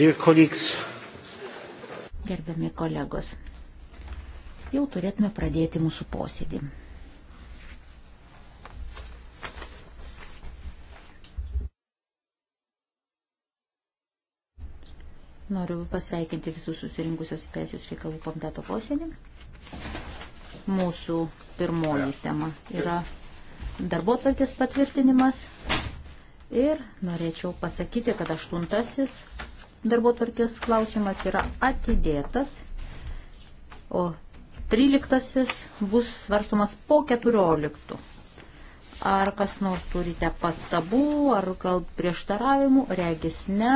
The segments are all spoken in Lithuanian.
Dear colleagues. Gerbiami kolegos, jau turėtume pradėti mūsų posėdį. Noriu pasveikinti visus susirinkusios į Teisės reikalų komiteto posėdį. Mūsų pirmoji tema yra darbo tvarkės patvirtinimas. Ir norėčiau pasakyti, kad aštuntasis darbo tvarkės klausimas yra atidėtas, o 13 bus svarstomas po 14. Ar kas nors turite pastabų, ar gal prieštaravimų, regis ne.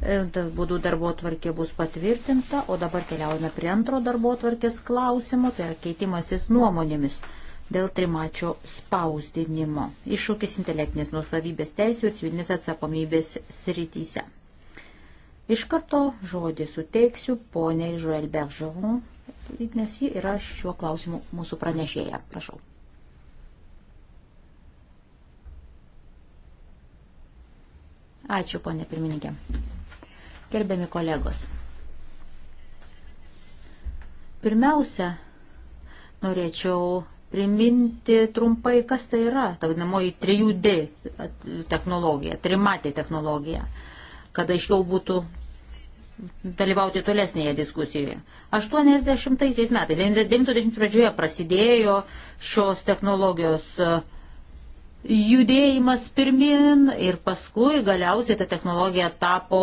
E, tas būdų darbo tvarkė bus patvirtinta, o dabar keliaujame prie antro darbo tvarkės klausimų, tai yra keitimasis nuomonėmis dėl trimačio spausdinimo. Iššūkis intelektinės nusavybės teisų ir civilinės atsakomybės srityse. Iš karto žodį suteiksiu poniai Joel Beržavon, nes ji yra šiuo klausimu mūsų pranešėja. Prašau. Ačiū, ponė pirmininkė. Gerbiami kolegos. Pirmiausia, norėčiau priminti trumpai, kas tai yra, ta vadinamoji 3D technologija, trimatė technologija. technologija kad aiškiau būtų dalyvauti tolesnėje diskusijoje. 80 metais, 90 pradžioje prasidėjo šios technologijos e, judėjimas pirmin ir paskui galiausiai ta technologija tapo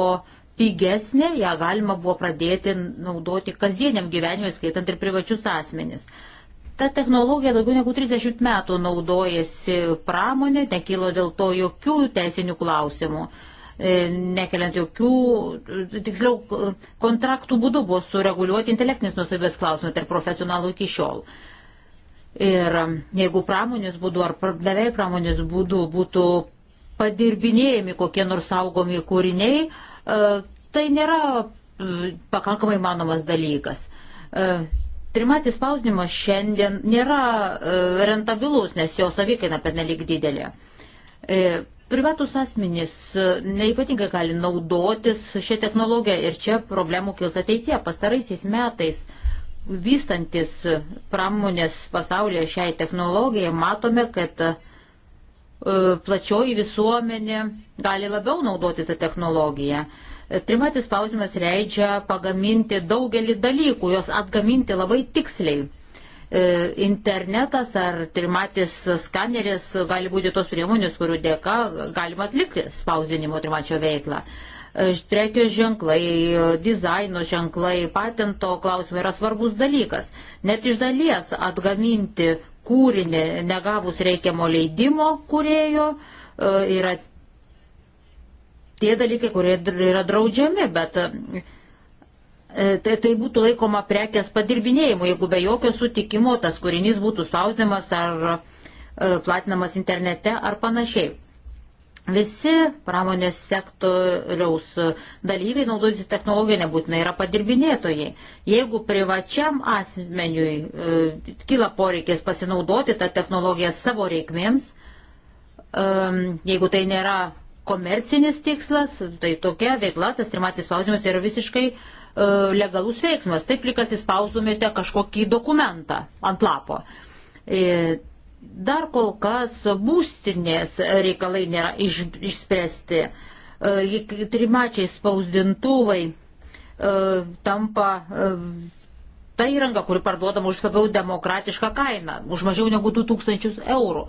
pigesnė, ją galima buvo pradėti naudoti kasdieniam gyvenimui, skaitant ir privačius asmenis. Ta technologija daugiau negu 30 metų naudojasi pramonė, nekilo dėl to jokių teisinių klausimų. E, nekeliant jokių, e, tiksliau, kontraktų būdu buvo sureguliuoti intelektinės nusavybės klausimai tarp profesionalų iki šiol. Ir e, jeigu pramonės būdu ar beveik pramonės būdu būtų padirbinėjami kokie nors saugomi kūriniai, tai nėra pakankamai manomas dalykas. Trimatis spausdinimas šiandien nėra rentabilus, nes jo savikaina pernelik didelė Privatus asmenys e, neipatingai gali naudotis šią technologiją ir čia problemų kils ateitie. Pastaraisiais metais vystantis pramonės pasaulyje šiai technologijai matome, kad e, plačioji visuomenė gali labiau naudoti tą technologiją. E, trimatis spaudimas leidžia pagaminti daugelį dalykų, juos atgaminti labai tiksliai. E, internetas ar trimatis skaneris gali būti tos priemonės, kurių dėka galima atlikti spausdinimo trimačio veiklą. E, prekės ženklai, dizaino ženklai, patento klausimai yra svarbus dalykas. Net iš dalies atgaminti kūrinį negavus reikiamo leidimo kūrėjo e, yra tie dalykai, kurie yra draudžiami, bet E, tai, tai būtų laikoma prekės padirbinėjimu, jeigu be jokio sutikimo tas kūrinys būtų spausdinamas ar e, platinamas internete ar panašiai. Visi pramonės sektoriaus dalyviai naudojantys technologiją nebūtinai yra padirbinėtojai. Jeigu privačiam asmeniui e, kyla poreikis pasinaudoti tą technologiją savo reikmėms, e, jeigu tai nėra komercinis tikslas, tai tokia veikla, tas trimatis spaudimas yra visiškai e, E, legalus veiksmas, taip likas įspaustumėte kažkokį dokumentą ant lapo. E, dar kol kas būstinės reikalai nėra iš, išspręsti. E, trimačiai spausdintuvai tampa ta įranga, kuri parduodama už labiau demokratišką kainą, už mažiau negu 2000 eurų.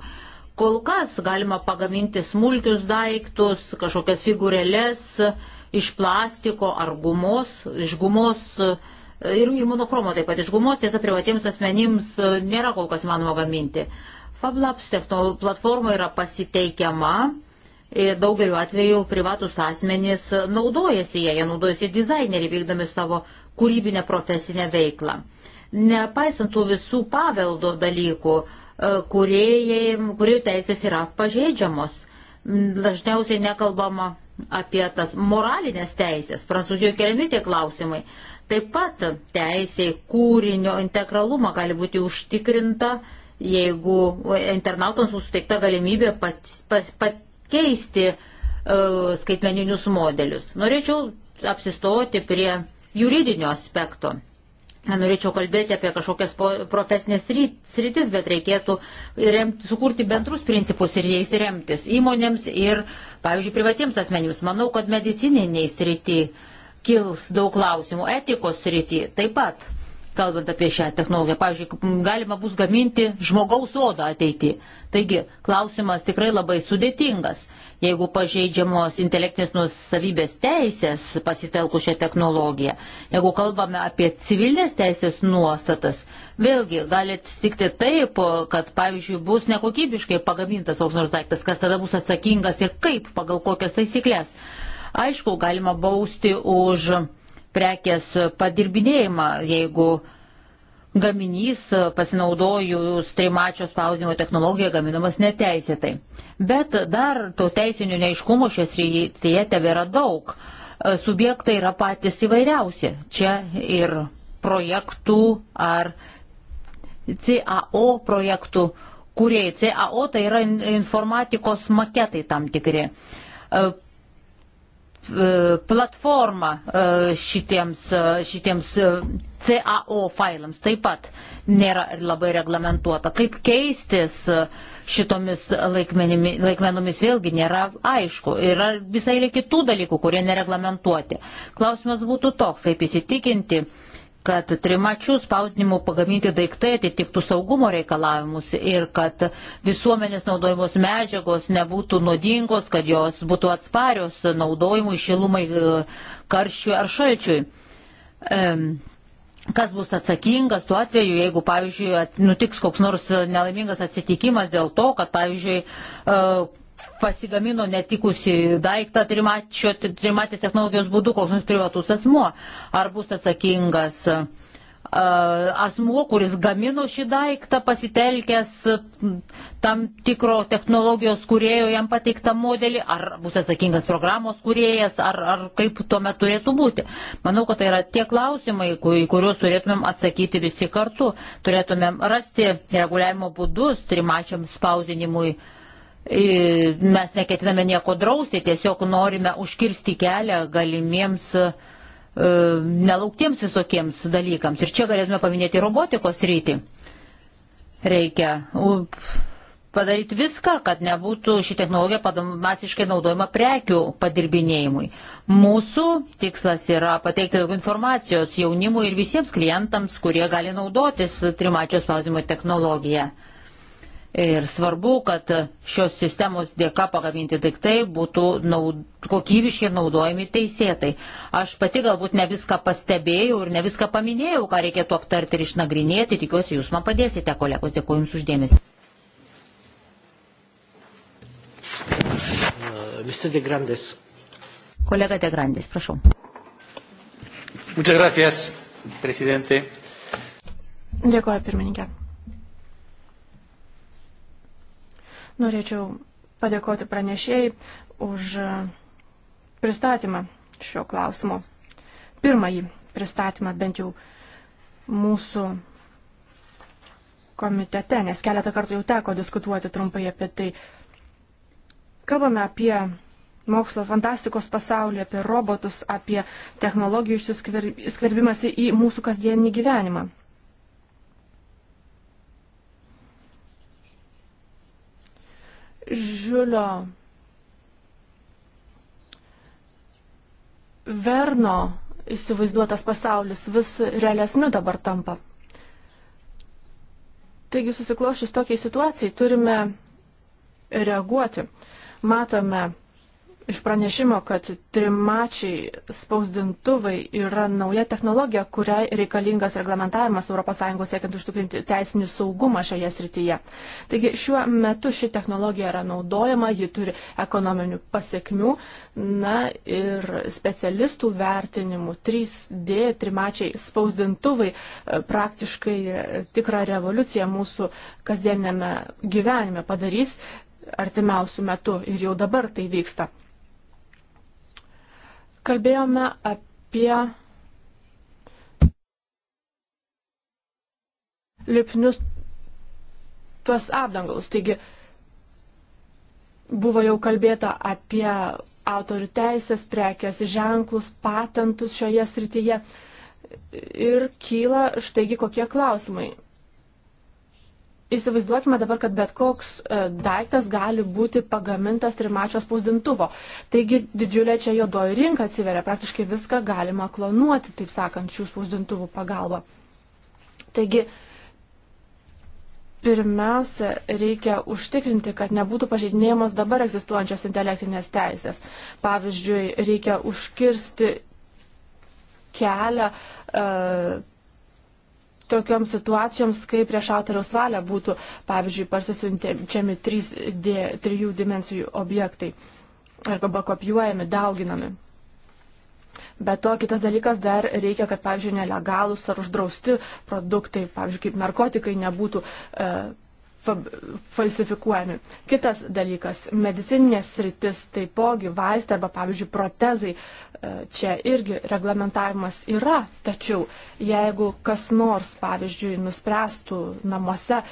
Kol kas galima pagaminti smulkius daiktus, kažkokias figūrėlės, uh, iš plastiko ar gumos, iš gumos e, ir, ir monochromo taip pat iš gumos, tiesa, privatiems asmenims e, nėra kol kas manoma gaminti. FabLabs platforma yra pasiteikiama. E, daugeliu atveju privatus asmenys naudojasi ją, jie naudojasi dizaineriai vykdami savo kūrybinę profesinę veiklą. Nepaisant tų visų paveldo dalykų, kuriejai, kuriejų teisės yra pažeidžiamos. Dažniausiai nekalbama apie tas moralinės teisės. Prancūzijoje keliami tie klausimai. Taip pat teisė kūrinio integralumą gali būti užtikrinta, jeigu internautams bus suteikta galimybė pat, pat, pakeisti uh, skaitmeninius modelius. Norėčiau apsistoti prie juridinio aspekto. Norėčiau kalbėti apie kažkokias profesinės sritis, bet reikėtų remti, sukurti bendrus principus ir jais remtis įmonėms ir, pavyzdžiui, privatiems asmenims. Manau, kad medicininiai srity kils daug klausimų, etikos srity taip pat kalbant apie šią technologiją. Pavyzdžiui, galima bus gaminti žmogaus odą ateityje. Taigi, klausimas tikrai labai sudėtingas. Jeigu pažeidžiamos intelektinės nusavybės teisės pasitelku šią technologiją, jeigu kalbame apie civilinės teisės nuostatas, vėlgi gali atsitikti taip, kad, pavyzdžiui, bus nekokybiškai pagamintas koks nors daiktas, kas tada bus atsakingas ir kaip, pagal kokias taisyklės. Aišku, galima bausti už prekės padirbinėjimą, jeigu gaminys pasinaudojus trimačio spausdinimo technologiją gaminamas neteisėtai. Bet dar to teisinių neiškumų šios rytyje tebėra daug. Subjektai yra patys įvairiausi. Čia ir projektų ar CAO projektų kuriejai. CAO tai yra informatikos maketai tam tikri. E, platformą e, šitiems, e, šitiems CAO failams taip pat nėra labai reglamentuota. Kaip keistis šitomis laikmenomis vėlgi nėra aišku. Yra visai kitų dalykų, kurie nereglamentuoti. Klausimas būtų toks, kaip įsitikinti, kad trimačių spausdinimų pagaminti daiktai atitiktų saugumo reikalavimus ir kad visuomenės naudojamos medžiagos nebūtų nuodingos, kad jos būtų atsparios naudojimui, šilumai, e, karščiui ar šalčiui. Kas bus atsakingas tuo atveju, jeigu, pavyzdžiui, nutiks koks nors nelaimingas atsitikimas dėl to, kad, pavyzdžiui, e, pasigamino netikusi daiktą trimatės technologijos būdu, koks nors privatus asmuo. Ar bus atsakingas uh, asmuo, kuris gamino šį daiktą, pasitelkęs tam tikro technologijos kurėjo jam pateiktą modelį, ar bus atsakingas programos kuriejas, ar, ar kaip tuomet turėtų būti. Manau, kad tai yra tie klausimai, į kuriuos turėtumėm atsakyti visi kartu. Turėtumėm rasti reguliavimo būdus trimačiam spausdinimui Mes neketiname nieko drausti, tiesiog norime užkirsti kelią galimiems e, nelauktiems visokiems dalykams. Ir čia galėtume paminėti robotikos rytį. Reikia padaryti viską, kad nebūtų ši technologija masiškai naudojama prekių padirbinėjimui. Mūsų tikslas yra pateikti daug informacijos jaunimui ir visiems klientams, kurie gali naudotis trimačio spausdimo technologiją. Ir svarbu, kad šios sistemos dėka pagaminti daiktai būtų naud, kokybiškai naudojami teisėtai. Aš pati galbūt ne viską pastebėjau ir ne viską paminėjau, ką reikėtų aptarti ir išnagrinėti. Tikiuosi, jūs man padėsite, kolegos. Dėkuoju Jums uždėmesi. Uh, Mr. De Grandes. Kolega De Grandes, prašau. Muchas gracias, presidente. Dėkuoju, pirmininkė. Norėčiau padėkoti pranešėjai už pristatymą šio klausimo. Pirmąjį pristatymą bent jau mūsų komitete, nes keletą kartų jau teko diskutuoti trumpai apie tai. Kalbame apie mokslo fantastikos pasaulį, apie robotus, apie technologijų išsiskverbimąsi į mūsų kasdienį gyvenimą. didžiulio Verno įsivaizduotas pasaulis vis realesniu dabar tampa. Taigi susiklošius tokiai situacijai turime reaguoti. Matome iš pranešimo, kad trimačiai spausdintuvai yra nauja technologija, kuriai reikalingas reglamentavimas ES siekiant užtikrinti teisinį saugumą šioje srityje. Taigi šiuo metu ši technologija yra naudojama, ji turi ekonominių pasiekmių. Na ir specialistų vertinimų 3D trimačiai spausdintuvai e, praktiškai e, tikrą revoliuciją mūsų kasdienėme gyvenime padarys artimiausių metų ir jau dabar tai vyksta. Kalbėjome apie lipnius tuos apdangalus. Taigi buvo jau kalbėta apie autorių teisės, prekės ženklus, patentus šioje srityje. Ir kyla štaigi kokie klausimai. Įsivaizduokime dabar, kad bet koks e, daiktas gali būti pagamintas trimačio spausdintuvo. Taigi didžiulė čia juodoji rinka atsiveria, praktiškai viską galima klonuoti, taip sakant, šių spausdintuvų pagalba. Taigi, pirmiausia, reikia užtikrinti, kad nebūtų pažeidinėjamos dabar egzistuojančios intelektinės teisės. Pavyzdžiui, reikia užkirsti kelią. Uh, tokioms situacijoms, kai prieš autoriaus valią būtų, pavyzdžiui, pasisiunčiami 3D, trijų dimensijų objektai arba kopijuojami, dauginami. Be to, kitas dalykas dar reikia, kad, pavyzdžiui, nelegalus ar uždrausti produktai, pavyzdžiui, kaip narkotikai, nebūtų e, falsifikuojami. Kitas dalykas - medicininės sritis, taipogi vaistai arba, pavyzdžiui, protezai. E, čia irgi reglamentavimas yra, tačiau jeigu kas nors, pavyzdžiui, nuspręstų namuose e,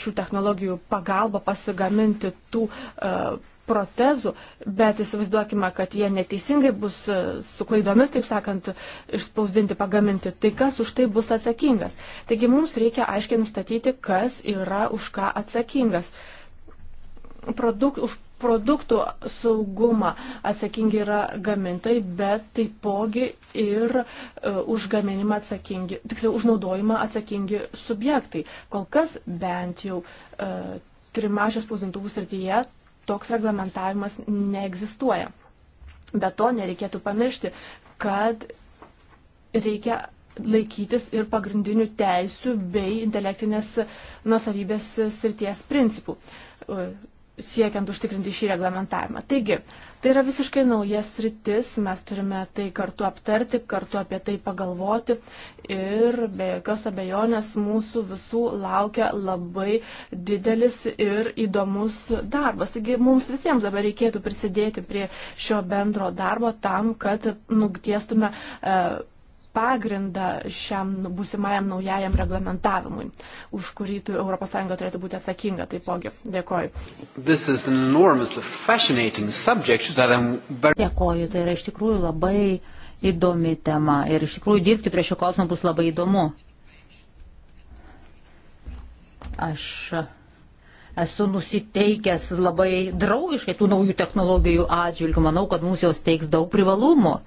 šių technologijų pagalba pasigaminti tų e, protezų, bet įsivaizduokime, kad jie neteisingai bus su klaidomis, taip sakant, išspausdinti, pagaminti, tai kas už tai bus atsakingas. Taigi mums reikia aiškiai nustatyti, kas yra už ką tą atsakingas. Produk, už produktų saugumą atsakingi yra gamintai, bet taipogi ir uh, už gaminimą atsakingi, tiksliau, už naudojimą atsakingi subjektai. Kol kas bent jau uh, e, trimašio spausdintuvų srityje toks reglamentavimas neegzistuoja. Be to nereikėtų pamiršti, kad reikia laikytis ir pagrindinių teisių bei intelektinės nusavybės srities principų, e, siekiant užtikrinti šį reglamentavimą. Taigi, tai yra visiškai nauja sritis, mes turime tai kartu aptarti, kartu apie tai pagalvoti ir be jokios abejonės mūsų visų laukia labai didelis ir įdomus darbas. Taigi, mums visiems dabar reikėtų prisidėti prie šio bendro darbo tam, kad nugtiestume. E, pagrindą šiam būsimajam naujajam reglamentavimui, už kurį ES turėtų būti atsakinga taipogi. Dėkoju. Very... Dėkoju, tai yra iš tikrųjų labai įdomi tema ir iš tikrųjų dirbti prie šio klausimo bus labai įdomu. Aš esu nusiteikęs labai draugiškai tų naujų technologijų atžvilgių, manau, kad mums jos teiks daug privalumų. Uh,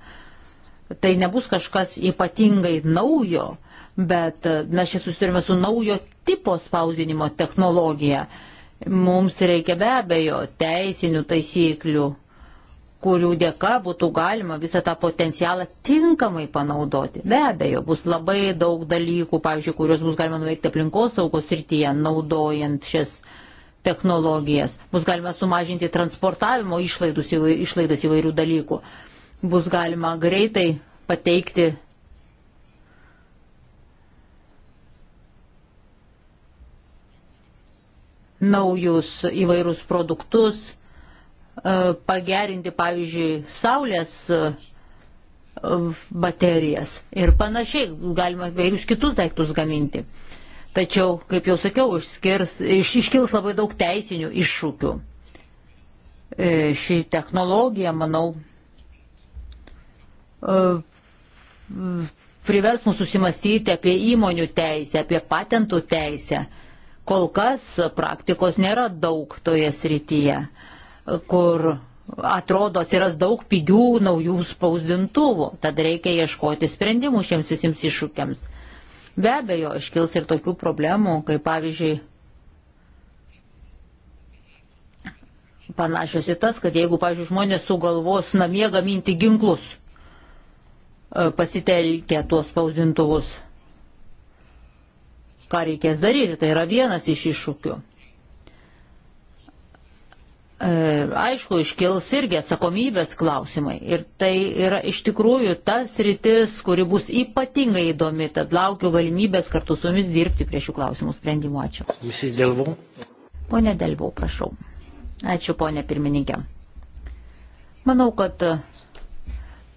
tai nebus kažkas ypatingai naujo, bet e, mes čia susiturime su naujo tipo spausdinimo technologija. Mums reikia be abejo teisinių taisyklių, kurių dėka būtų galima visą tą potencialą tinkamai panaudoti. Be abejo, bus labai daug dalykų, pavyzdžiui, kuriuos bus galima nuveikti aplinkos saugos rytyje, naudojant šias technologijas. Bus galima sumažinti transportavimo išlaidas įvairių dalykų bus galima greitai pateikti naujus įvairius produktus, e, pagerinti, pavyzdžiui, saulės e, baterijas ir panašiai, galima įvairius kitus daiktus gaminti. Tačiau, kaip jau sakiau, išskirs, iš, iškils labai daug teisinių iššūkių. E, ši technologija, manau, E, privers mus susimastyti apie įmonių teisę, apie patentų teisę. Kol kas praktikos nėra daug toje srityje, kur atrodo atsiras daug pigių naujų spausdintuvų, tad reikia ieškoti sprendimų šiems visiems iššūkiams. Be abejo, iškils ir tokių problemų, kaip pavyzdžiui, panašios į tas, kad jeigu, pavyzdžiui, žmonės sugalvos namie gaminti ginklus, pasitelkę tuos spausdintuvus. Ką reikės daryti, tai yra vienas iš iššūkių. E, aišku, iškils irgi atsakomybės klausimai. Ir tai yra iš tikrųjų tas rytis, kuri bus ypatingai įdomi. Tad laukiu galimybės kartu su jumis dirbti prie šių klausimų sprendimų. Ačiū. Pone Delvau, prašau. Ačiū, ponė pirmininkė. Manau, kad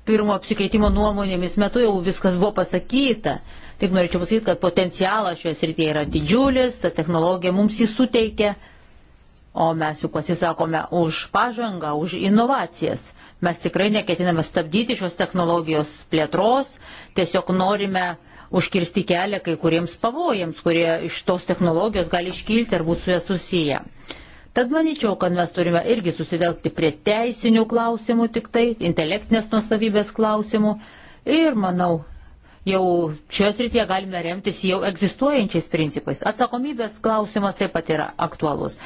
pirmo apsikeitimo nuomonėmis metu jau viskas buvo pasakyta. Tik norėčiau pasakyti, kad potencialas šioje srityje yra didžiulis, ta technologija mums jį suteikia, o mes juk pasisakome už pažangą, už inovacijas. Mes tikrai neketiname stabdyti šios technologijos plėtros, tiesiog norime užkirsti kelią kai kuriems pavojams, kurie iš tos technologijos gali iškilti ar būti su ja susiję. Tad manyčiau, kad mes turime irgi susidelgti prie teisinių klausimų tik tai, intelektinės nusavybės klausimų ir manau, jau šios rytyje galime remtis jau egzistuojančiais principais. Atsakomybės klausimas taip pat yra aktualus.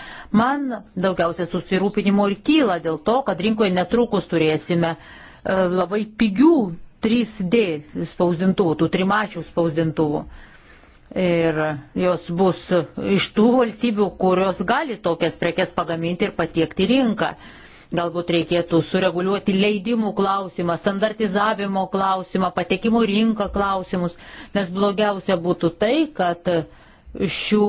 Man daugiausia susirūpinimo ir kyla dėl to, kad rinkoje netrukus turėsime e, labai pigių 3D spausdintuvų, tų trimačių spausdintuvų. Ir jos bus iš tų valstybių, kurios gali tokias prekes pagaminti ir patiekti rinką. Galbūt reikėtų sureguliuoti leidimų klausimą, standartizavimo klausimą, patekimų rinką klausimus, nes blogiausia būtų tai, kad šių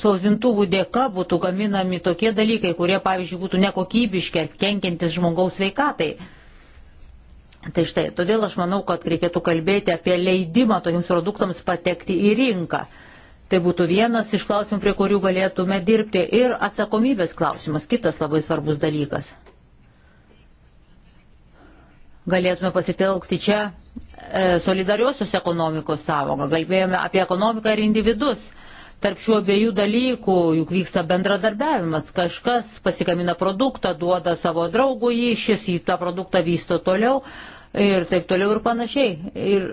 spausdintuvų dėka būtų gaminami tokie dalykai, kurie, pavyzdžiui, būtų nekokybiški ar kenkiantis žmogaus veikatai. Tai štai, todėl aš manau, kad reikėtų kalbėti apie leidimą tokiems produktams patekti į rinką. Tai būtų vienas iš klausimų, prie kurių galėtume dirbti. Ir atsakomybės klausimas, kitas labai svarbus dalykas. Galėtume pasitelkti čia e, solidariosios ekonomikos savoką. Galbėjome apie ekonomiką ir individus. Tarp šių abiejų dalykų juk vyksta bendradarbiavimas. Kažkas pasigamina produktą, duoda savo draugui, šis į tą produktą vysto toliau ir taip toliau ir panašiai. Ir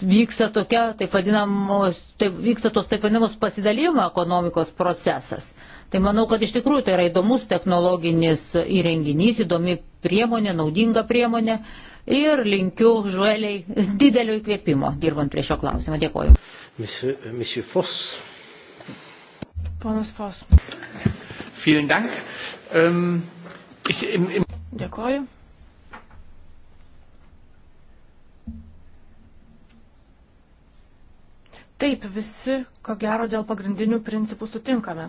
vyksta tokia, taip vadinamos, taip, vyksta tos taip vadinamos pasidalymo ekonomikos procesas. Tai manau, kad iš tikrųjų tai yra įdomus technologinis įrenginys, įdomi priemonė, naudinga priemonė. Ir linkiu žueliai didelio įkvėpimo, dirbant prie šio klausimo. Dėkoju. Monsieur, euh, monsieur Foss. Ponas Foss. Vielen Dank. Um, ich, im, im... Dėkoju. Taip, visi, ko gero, dėl pagrindinių principų sutinkame.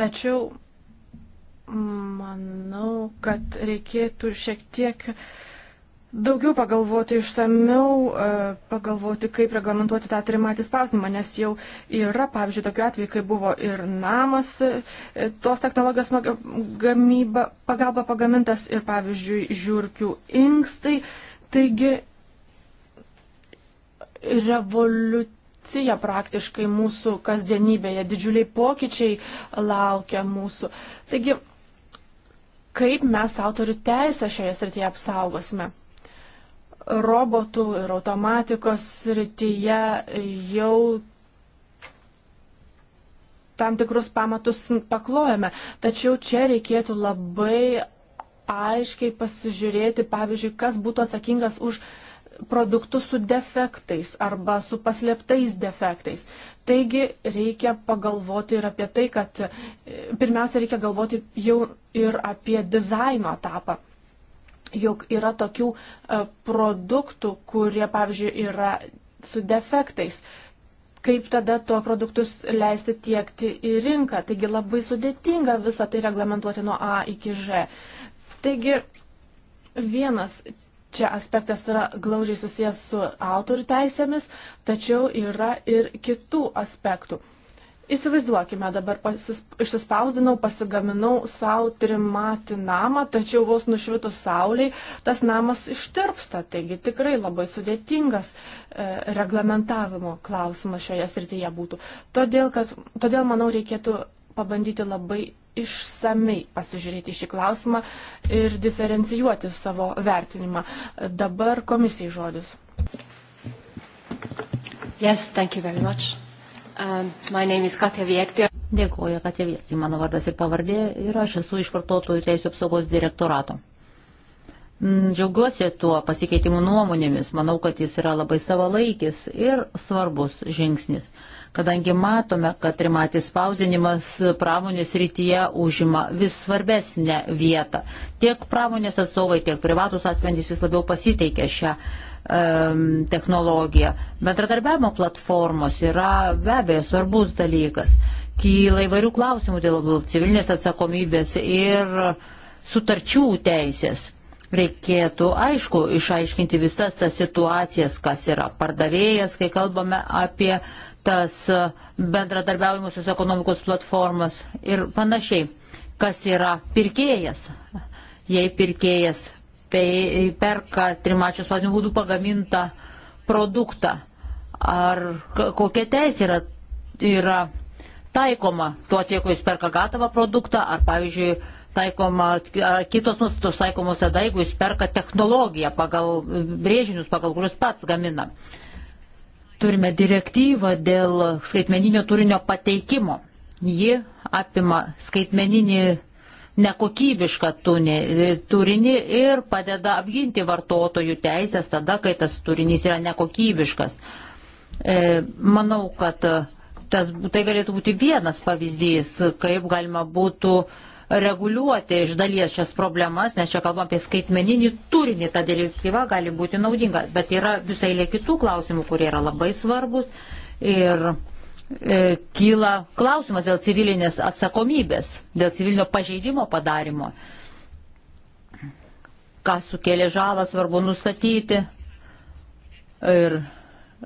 Tačiau manau, kad reikėtų šiek tiek daugiau pagalvoti išsamiau, e, pagalvoti, kaip reglamentuoti tą trimatį spausdinimą, nes jau yra, pavyzdžiui, tokiu atveju, kai buvo ir namas, e, tos technologijos gamyba, pagalba pagamintas ir, pavyzdžiui, žiūrkių inkstai. Taigi revoliucija praktiškai mūsų kasdienybėje, didžiuliai pokyčiai laukia mūsų. Taigi, kaip mes autorių teisę šioje srityje apsaugosime? Robotų ir automatikos srityje jau tam tikrus pamatus paklojame, tačiau čia reikėtų labai aiškiai pasižiūrėti, pavyzdžiui, kas būtų atsakingas už uh, produktus su defektais arba su paslėptais defektais. Taigi reikia pagalvoti ir apie tai, kad e, pirmiausia reikia galvoti jau ir apie dizaino etapą. Juk yra tokių e, produktų, kurie, pavyzdžiui, yra su defektais. Kaip tada tuo produktus leisti tiekti į rinką? Taigi labai sudėtinga visą tai reglamentuoti nuo A iki Ž. Taigi vienas čia aspektas yra glaudžiai susijęs su autorių teisėmis, tačiau yra ir kitų aspektų. Įsivaizduokime, dabar pasis, išsispausdinau, pasigaminau savo trimatį namą, tačiau vos nušvitus sauliai tas namas ištirpsta, taigi tikrai labai sudėtingas e, reglamentavimo klausimas šioje srityje būtų. Todėl, kad, todėl, manau, reikėtų pabandyti labai išsamei pasižiūrėti šį klausimą ir diferencijuoti savo vertinimą. Dabar komisijai žodis. Yes, thank you very much. Um, my name is Katja Viekti. Dėkuoju, Katja Viekti. Mano vardas ir pavardė ir aš esu iš vartotojų teisų apsaugos direktorato. Mm, džiaugiuosi tuo pasikeitimu nuomonėmis, manau, kad jis yra labai savalaikis ir svarbus žingsnis, kadangi matome, kad trimatis spausdinimas pramonės rytyje užima vis svarbesnę vietą. Tiek pramonės atstovai, tiek privatus asmenys vis labiau pasiteikia šią um, technologiją. Bendradarbiavimo platformos yra be abejo svarbus dalykas. Kyla įvairių klausimų dėl civilinės atsakomybės ir sutarčių teisės Reikėtų, aišku, išaiškinti visas tas situacijas, kas yra pardavėjas, kai kalbame apie tas bendradarbiaujimusios ekonomikos platformas ir panašiai, kas yra pirkėjas. Jei pirkėjas perka trimačios platinių būdų pagamintą produktą, ar kokia teisė yra, yra taikoma tuo tiek, kuris perka gatavą produktą, ar pavyzdžiui, taikoma, ar kitos nuostatos taikomos tada, jeigu jis perka technologiją pagal brėžinius, pagal kuriuos pats gamina. Turime direktyvą dėl skaitmeninio turinio pateikimo. Ji apima skaitmeninį nekokybišką turinį ir padeda apginti vartotojų teisės tada, kai tas turinys yra nekokybiškas. E, manau, kad tas, tai galėtų būti vienas pavyzdys, kaip galima būtų uh, reguliuoti iš dalies šias problemas, nes čia kalbam apie skaitmeninį turinį, ta direktyva gali būti naudinga, bet yra visai lė kitų klausimų, kurie yra labai svarbus ir e, kyla klausimas dėl civilinės atsakomybės, dėl civilinio pažeidimo padarimo. Ką sukėlė žalą, svarbu nustatyti. Ir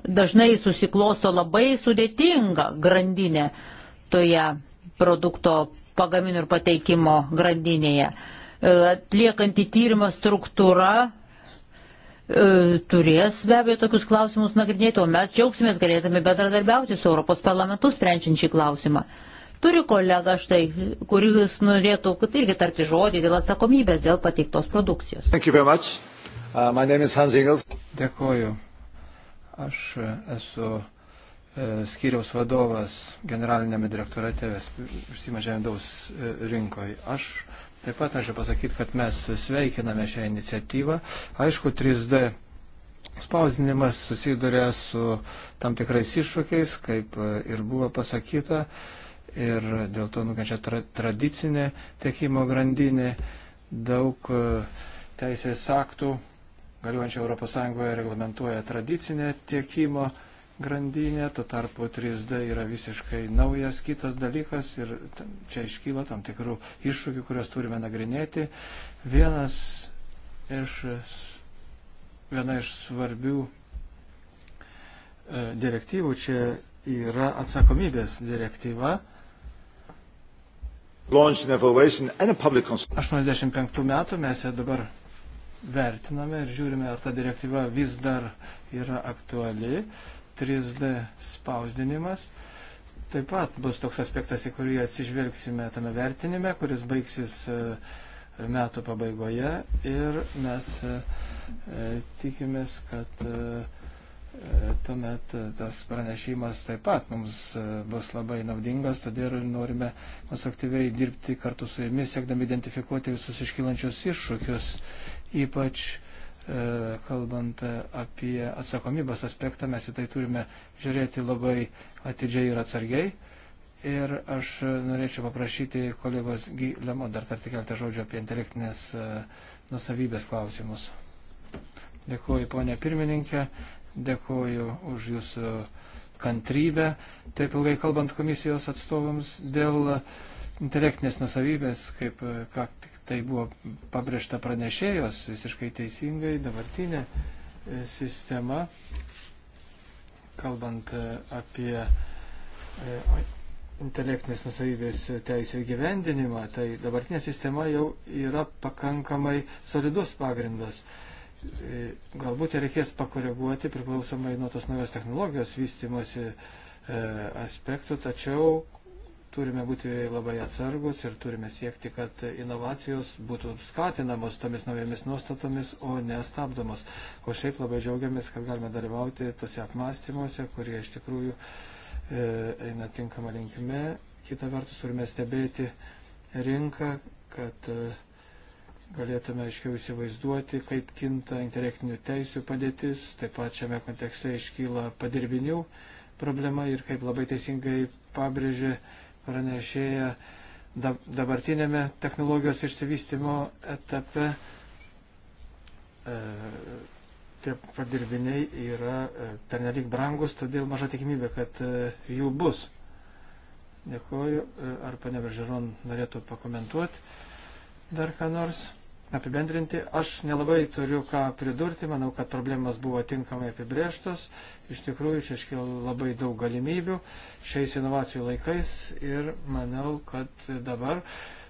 dažnai susiklosto labai sudėtinga grandinė toje produkto pagaminų ir pateikimo grandinėje. E, atliekanti tyrimo struktūra e, turės be abejo tokius klausimus nagrinėti, o mes džiaugsimės galėdami bendradarbiauti su Europos parlamentu sprendžiant šį klausimą. Turiu kolegą štai, kuris norėtų irgi tarti žodį dėl atsakomybės, dėl pateiktos produkcijos. Uh, Dėkuoju. Aš uh, esu E, skyriaus vadovas generalinėme direktorate užsima žemdaus e, rinkoje. Aš taip pat noriu pasakyti, kad mes sveikiname šią iniciatyvą. Aišku, 3D spausdinimas susiduria su tam tikrais iššūkiais, kaip e, ir buvo pasakyta, ir dėl to nukenčia tra tradicinė tiekimo grandinė, daug teisės aktų galiuojančių ES reglamentuoja tradicinę tiekimo grandinę grandinė, tuo tarpu 3D yra visiškai naujas kitas dalykas ir čia iškyla tam tikrų iššūkių, kuriuos turime nagrinėti. Vienas iš, viena iš svarbių e, direktyvų čia yra atsakomybės direktyva. 85 metų mes ją dabar vertiname ir žiūrime, ar ta direktyva vis dar yra aktuali. E, 3D spausdinimas. Taip pat bus toks aspektas, į kurį atsižvelgsime tame vertinime, kuris baigsis e, metų pabaigoje ir mes e, e, tikimės, kad tuomet tas pranešimas taip pat mums bus labai naudingas, todėl norime konstruktyviai dirbti kartu su jumis, siekdami identifikuoti visus iškylančius iššūkius, ypač E, kalbant apie atsakomybės aspektą, mes į tai turime žiūrėti labai atidžiai ir atsargiai. Ir aš norėčiau paprašyti kolegos Gilemo dar tarti keltą žodžių apie intelektinės e, nusavybės klausimus. Dėkuoju, ponė pirmininkė, dėkuoju už jūsų kantrybę, taip ilgai kalbant komisijos atstovams dėl intelektinės nusavybės, kaip e, ką tik Tai buvo pabrėžta pranešėjos visiškai teisingai dabartinė e, sistema, kalbant e, apie e, intelektinės nusavybės teisų įgyvendinimą, tai dabartinė sistema jau yra pakankamai solidus pagrindas. Galbūt reikės pakoreguoti priklausomai nuo tos naujos technologijos vystimosi aspektų, tačiau turime būti labai atsargus ir turime siekti, kad inovacijos būtų skatinamos tomis naujomis nuostatomis, o nestabdomos. O šiaip labai džiaugiamės, kad galime dalyvauti tose apmąstymuose, kurie iš tikrųjų e, eina tinkama linkime. Kita vertus, turime stebėti rinką, kad e, galėtume aiškiau įsivaizduoti, kaip kinta intelektinių teisių padėtis, taip pat šiame kontekste iškyla padirbinių problema ir kaip labai teisingai pabrėžė pranešėja dabartinėme technologijos išsivystimo etape. E, tie padirbiniai yra e, pernelyg brangus, todėl maža tikimybė, kad e, jų bus. Dėkuoju. E, ar pane Beržeron norėtų pakomentuoti dar ką nors? apibendrinti. Aš nelabai turiu ką pridurti, manau, kad problemas buvo tinkamai apibrėžtos. Iš tikrųjų, čia iškilo labai daug galimybių šiais inovacijų laikais ir manau, kad dabar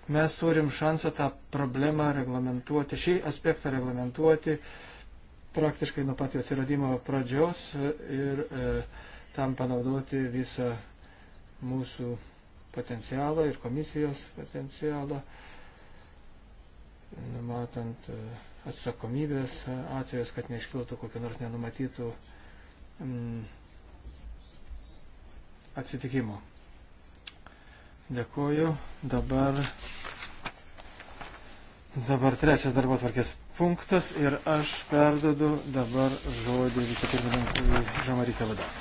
mes turim šansą tą problemą reglamentuoti, šį aspektą reglamentuoti praktiškai nuo pat atsiradimo pradžios ir e, tam panaudoti visą mūsų potencialą ir komisijos potencialą. E, numatant e, atsakomybės e, atvejus, kad neiškiltų kokiu nors nenumatytų mm, atsitikimų. Dėkuoju. Dabar, dabar trečias darbo tvarkės punktas ir aš perdodu dabar žodį vicepirmininkui Žamarį Kavadą.